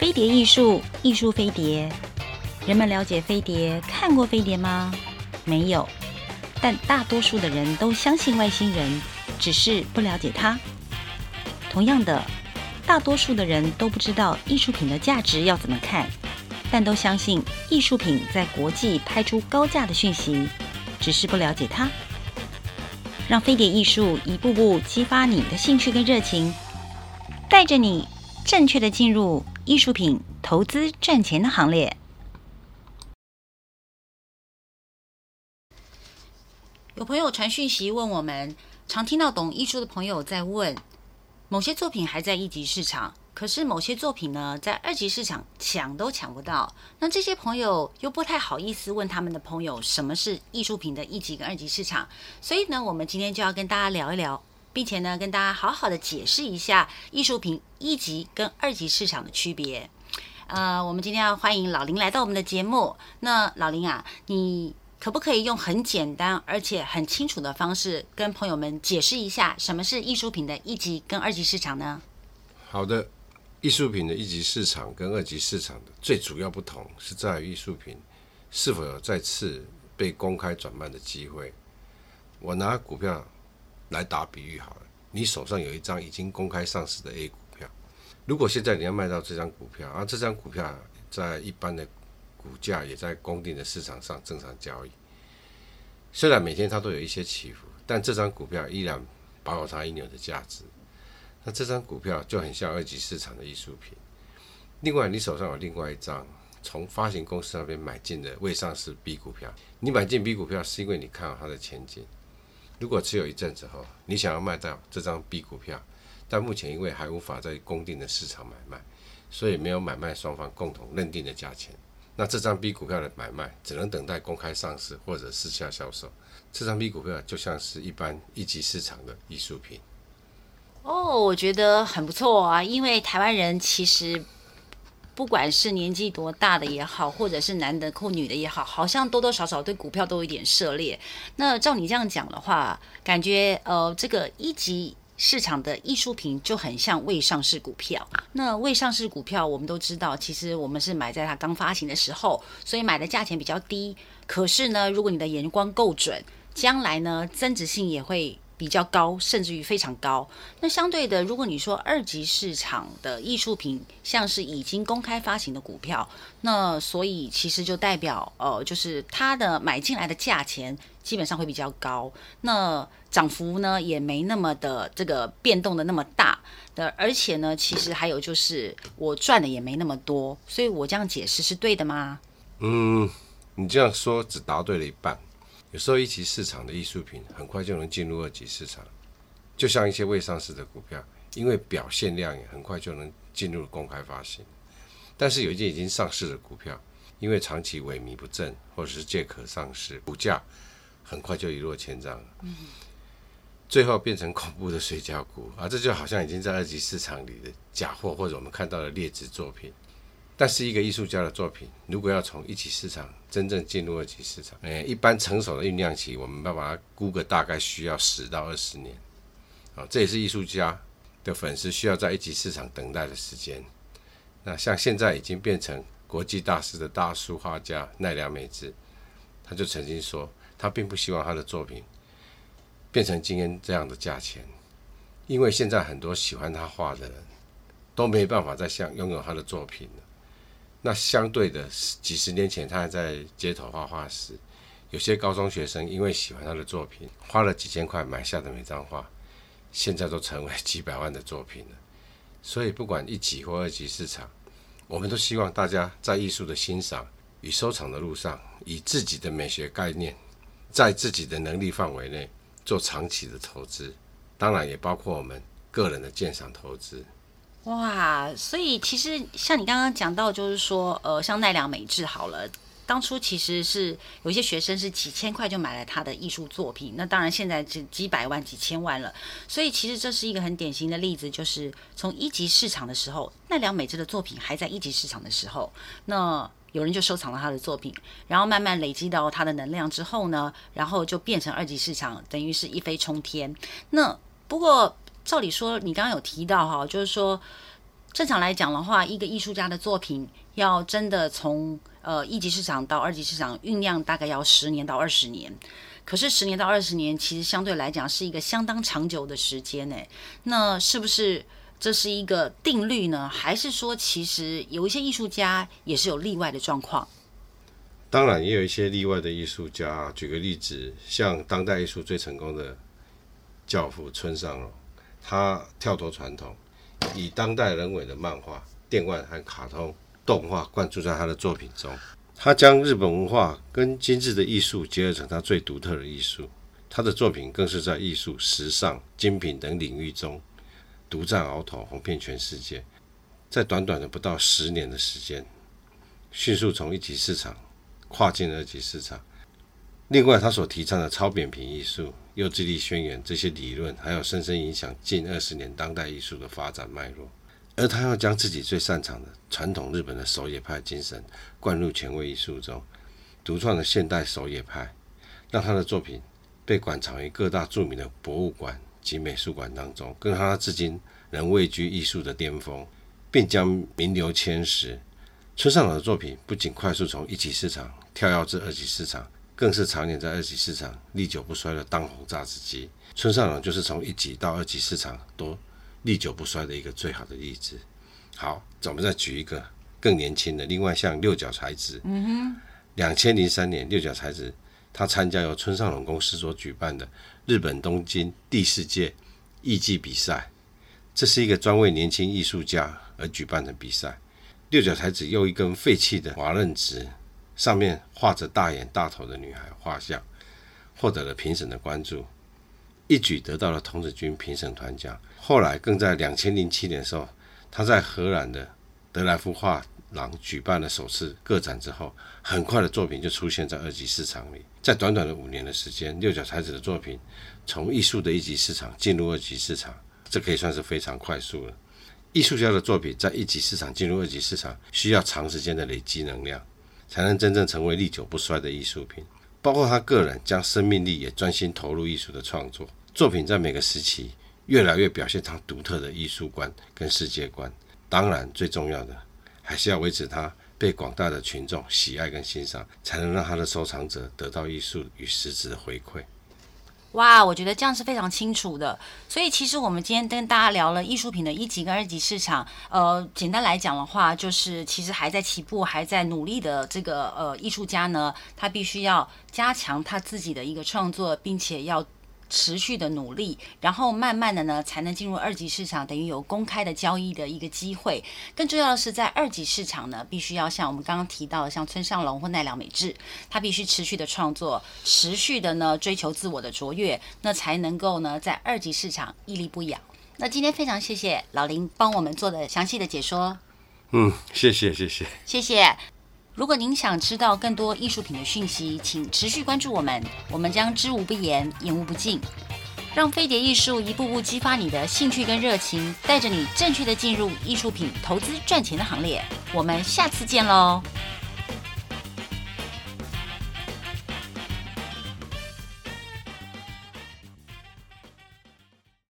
飛碟藝術，藝術飛碟。人們了解飛碟，看過飛碟嗎？沒有。但大多數的人都相信外星人，只是不了解它。同樣的，大多數的人都不知道藝術品的價值要怎麼看，但都相信藝術品在國際拍出高價的訊息，只是不了解它。讓飛碟藝術一步步激發你的興趣跟熱情，帶着你正確的進入藝術品投資賺錢的行列。有朋友傳訊息問我們，常聽到懂藝術的朋友在問，某些作品還在一級市場，可是某些作品呢，在二級市場搶都搶不到。那這些朋友又不太好意思問他們的朋友，什麼是藝術品的一級跟二級市場。所以呢，我們今天就要跟大家聊一聊。並且呢，跟大家好好的解釋一下藝術品一級跟二級市場的區別。呃，我們今天要歡迎老林來到我們的節目。那老林啊，你可不可以用很簡單而且很清楚的方式跟朋友們解釋一下什麼是藝術品的一級跟二級市場呢？好的，藝術品的一級市場跟二級市場的最主要不同是在於藝術品是否有再次被公開轉賣的機會。我拿股票。來打比喻好了，你手上有一張已經公開上市的 A 股票，如果現在你要賣掉這張股票，啊，而這張股票在一般的股價也在固定的市場上正常交易，雖然每天它都有一些起伏，但這張股票依然保有它應有的價值。那這張股票就很像二級市場的藝術品。另外，你手上有另外一張從發行公司那邊買進的未上市 B 股票，你買進 B 股票是因為你看好它的前景。如果持有一陣子後，你想要賣掉這張 B 股票，但目前因為還無法在公定的市場買賣，所以沒有買賣雙方共同認定的價錢。那這張 B 股票的買賣只能等待公開上市或者私下銷售。這張 B 股票就像是一般一級市場的藝術品。哦，我覺得很不錯啊，因為台灣人其實。不管是年紀多大的也好，或者是男的或女的也好，好像多多少少對股票都有一點涉獵。那照你這樣講的話，感覺呃，這個一級市場的藝術品就很像未上市股票。那未上市股票，我們都知道，其實我們是買在它剛發行的時候，所以買的價錢比較低。可是呢，如果你的眼光夠準，將來呢增值性也會。比較高，甚至於非常高。那相對的，如果你說二級市場的藝術品，像是已經公開發行的股票，那所以其實就代表，呃，就是它的買進來的價錢基本上會比較高。那漲幅呢，也沒那麼的這個變動的那麼大的，而且呢，其實還有就是我賺的也沒那麼多。所以我這樣解釋是對的嗎？嗯，你這樣說只答對了一半。有時候一級市場的藝術品很快就能進入二級市場，就像一些未上市的股票，因為表現亮眼，很快就能進入公開發行。但是有一件已經上市的股票，因為長期萎靡不振，或者是借殼上市，股價很快就一落千丈，最後變成恐怖的水餃股啊！這就好像已經在二級市場裡的假貨，或者我們看到的劣質作品。但是一個藝術家的作品，如果要從一級市場真正進入二級市場，哎，一般成熟的醞釀期，我們要把它估個大概需要十到二十年，啊，哦，這也是藝術家的粉絲需要在一級市場等待的時間。那像現在已經變成國際大師的大書畫家奈良美智，他就曾經說，他並不希望他的作品變成今天這樣的價錢，因為現在很多喜歡他畫的人都沒辦法再像擁有他的作品了。那相對的，幾十年前他還在街頭畫畫時，有些高中學生因為喜歡他的作品，花了幾千塊買下的每張畫，現在都成為幾百萬的作品了。所以不管一級或二級市場，我們都希望大家在藝術的欣賞與收藏的路上，以自己的美學概念，在自己的能力範圍內做長期的投資，當然也包括我們個人的鑑賞投資。哇，所以其實像你剛剛講到，就是說，呃，像奈良美智好了，當初其實是有些學生是幾千塊就買了他的藝術作品，那當然現在是幾百萬、幾千萬了。所以其實這是一個很典型的例子，就是從一級市場的時候，奈良美智的作品還在一級市場的時候，那有人就收藏了他的作品，然後慢慢累積到他的能量之後呢，然後就變成二級市場，等於是一飛沖天。那不過。照理說，你剛剛有提到哈，就是說，正常來講的話，一個藝術家的作品要真的從呃一級市場到二級市場醞釀，大概要十年到二十年。可是十年到二十年，其實相對來講是一個相當長久的時間呢？那是不是這是一個定律呢？還是說，其實有一些藝術家也是有例外的狀況？當然也有一些例外的藝術家。舉個例子，像當代藝術最成功的教父村上他跳脫傳統，以當代人為的漫畫、電玩、和卡通動畫灌注在他的作品中。他將日本文化跟精緻的藝術結合成他最獨特的藝術。他的作品更是在藝術、時尚、精品等領域中獨佔鰲頭，紅遍全世界。在短短的不到十年的時間，迅速從一級市場跨進二級市場。另外，他所提倡的超扁平藝術。又稚力宣言這些理論，還有深深影響近二十年當代藝術的發展脈絡。而他要將自己最擅長的傳統日本的守野派精神灌入前衛藝術中，獨創的現代守野派，讓他的作品被館藏於各大著名的博物館及美術館當中，更他至今仍位居藝術的巔峰，並將名流千石村上的作品不僅快速從一級市場跳躍至二級市場。更是常年在二級市場歷久不衰的當紅炸子雞，村上隆就是從一級到二級市場都歷久不衰的一個最好的例子。好，我們再舉一個更年輕的，另外像六角才子，嗯哼，兩千零三年，六角才子他參加由村上隆公司所舉辦的日本東京第四屆藝伎比賽，這是一個專為年輕藝術家而舉辦的比賽。六角才子用一根廢棄的瓦楞紙。上面畫着大眼大頭的女孩畫像，獲得了評審的關注，一舉得到了童子軍評審團獎。後來更在兩千零七年的時候，他在荷蘭的德萊夫畫廊舉辦了首次個展之後，很快的作品就出現在二級市場裡。在短短的五年的時間，六角彩子的作品從藝術的一級市場進入二級市場，這可以算是非常快速了。藝術家的作品在一級市場進入二級市場，需要長時間的累積能量，才能真正成為歷久不衰的藝術品。包括他個人將生命力也專心投入藝術的創作，作，作品在每個時期越來越表現他獨特的藝術觀跟世界觀。當然，最重要的還是要維持他被廣大的群眾喜愛跟欣賞，才能讓他的收藏者得到藝術與實質的回饋。哇，我覺得這樣是非常清楚的。所以其實我們今天跟大家聊了藝術品的一級跟二級市場。呃，簡單來講的話，就是其實還在起步、還在努力的這個呃藝術家呢，他必須要加強他自己的一個創作，並且要。持續的努力，然後慢慢的呢，才能進入二級市場，等於有公開的交易的一個機會。更重要的是，在二級市場呢，必須要像我們剛剛提到的，像村上隆或奈良美智，他必須持續的創作，持續的呢追求自我的卓越，那才能夠呢在二級市場屹立不搖。那今天非常謝謝老林幫我們做的詳細的解說。嗯，謝謝謝謝謝謝。謝謝如果您想知道更多藝術品的訊息，請持續關注我們，我們將知無不言，言無不盡，讓飛碟藝術一步步激發你的興趣跟熱情，帶着你正確的進入藝術品投資賺錢的行列。我們下次見嘍！